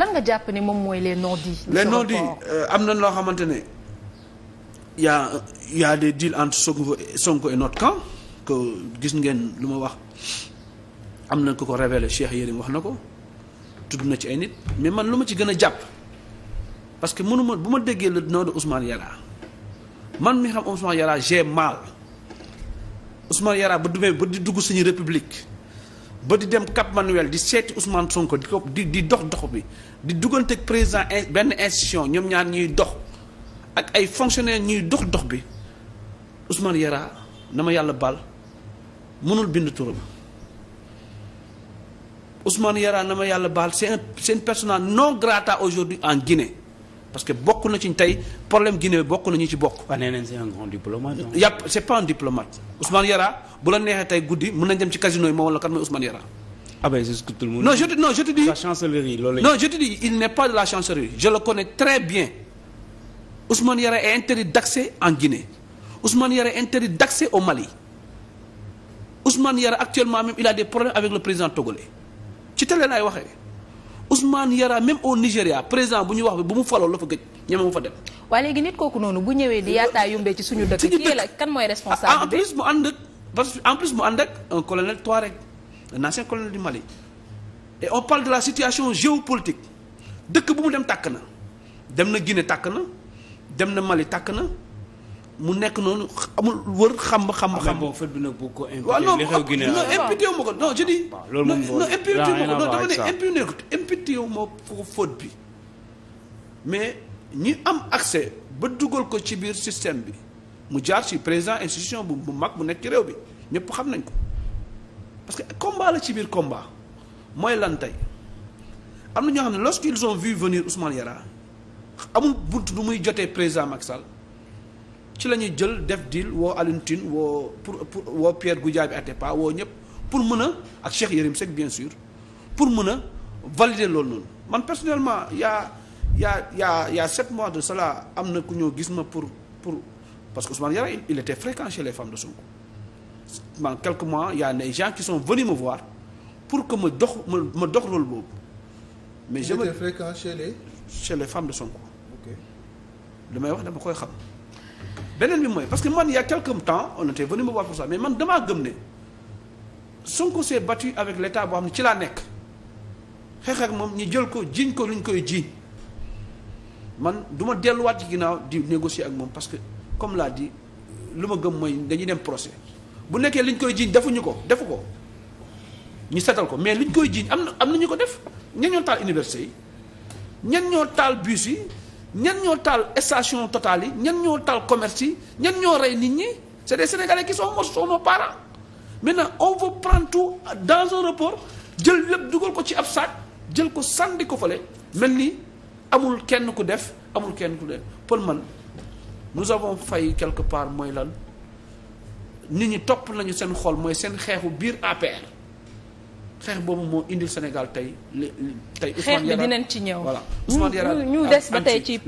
lan nga jàpp ni moom mooy les non lee les non euh, am na loo xamante ne yaa yaa y' a des deals entre Sonko Sonko et notre camp que gis ngeen lu ma wax am na ko ko révélé Cheikh Yérim wax na ko tudd na ci ay nit mais man lu ma ci gën a jàpp parce que mënu ma bu ma déggee la nom de Ousmane Yara man mi xam Ousmane Yara j'ai mal Ousmane Yara ba du ba di dugg suñu république. ba di dem Cap Manuel di seeti Ousmane Sonko di ko di di dox dox bi di duggante ak président benn institution ñoom ñaan ñuy dox ak ay fonctionnaires ñuy dox dox bi Ousmane Yara na ma yàlla baal mënul bind turam Ousmane Yara na ma yàlla baal seen seen c'est une persona non grata aujourd'hui en Guinée parce que bokk na ci tey problème Guinée bokk na ñu ci bokk. waaw nee nañ c'est un grand diplomate. yàpp c'est pas un diplomate Ousmane Yara. bu la neexee tey guddi mën nañ dem ci casino yi moo wala kan mooy Ousmane Yara. ah ben c'est tout le monde. non je te non je te dis la chancellerie loolu non je te dis il n'est pas de la chancellerie je le connais très bien Ousmane Yara est interdit d'accès en Guinée Ousmane Yara est interdit d'accès au Mali Ousmane Yara actuellement même il a des problèmes avec le président togolais ci télé laay waxee. Ousmane Yara même au Nigéria président bu ñu wax bu mu faloo la fa gëj ñeme mu fa dem. waa léegi nit kooku noonu bu ñëwee di yaataa yumbee ci suñu dëkk. kii la kan mooy ah, responsable en plus mu ànd parce que en plus mu ànd ak un colonel Touareg un ancien colonel du Mali et on parle de la situation géopolitique dëkk bu mu dem takk na dem na Guinée tàkk na dem na Mali tàkk na mu nekk noonu amul wër xam xam xam boo fët bi nag bu ko imputé non imputé wu ma ko non je bi mais ñi am accès ba dugal ko ci biir système bi mu jaar ci président institution bu bu mag bu nekk ci réew bi ñëpp xam nañ ko parce que combat la ci biir combat mooy lan tey am na ñoo xam ne lorsqu'ils ont vu venir Ousmane Yara amul bunt du muy jotee président Macky Sall ci la ñuy jël def deal woo Alioune woo pour pour woo Pierre Goudiaby Atepa woo ñëpp pour mën a ak Cheikh Yérim Seck bien sûr pour mën a valider loolu noonu man personnellement y yaa yaa yaa y a mois de cela am na ku ñoo gis ma pour pour. parce que Ousmane Yara il était fréquent chez les femmes de Sonko man quelques mois y a des gens qui sont venus voir pour que ma dox ma ma dox rôle boobu. mais je me était chez les. chez les femmes de Sonko. ok li may wax dama koy xam. beneen bi mooy parce que man y a temps on était venu me voir pour ça mais man damaa gëm ne Sonko s'est battu avec l'état boo xam ne ci laa nekk xeex ak moom ñi jël ko jiiñ ko lu ñu koy jiiñ man duma delluwaat ci ginnaaw di négocier ak moom parce que. comme l'a di lu ma gëm mooy dañuy dem procès bu nekkee liñ koy jiiñ defuñu ko defu ko ñu setal ko mais liñ koy jiiñ am na am na ñu ko def ñan ñoo taal université yi ñan ñoo taal bus yi ñan ñoo taal station Total yi ñan ñoo taal commerce yi ñan ñoo rey nit ñi c'est des Sénégalais qui sont morts sont nos parents maintenant on veut prendre tout dans un rapport jël lépp dugal ko ci ab sac jël ko sànni ko fale mel ni amul kenn ku def amul kenn ku def pour man. nous avons failli quelque part mooy lan nit ñi topp nañu seen xol mooy seen xeexu biir APR xeex boobu moo indil Sénégal tey li tey. Ousmane Yara xeex bi dinañ ci ñëw. voilà ñu des ba tey ci.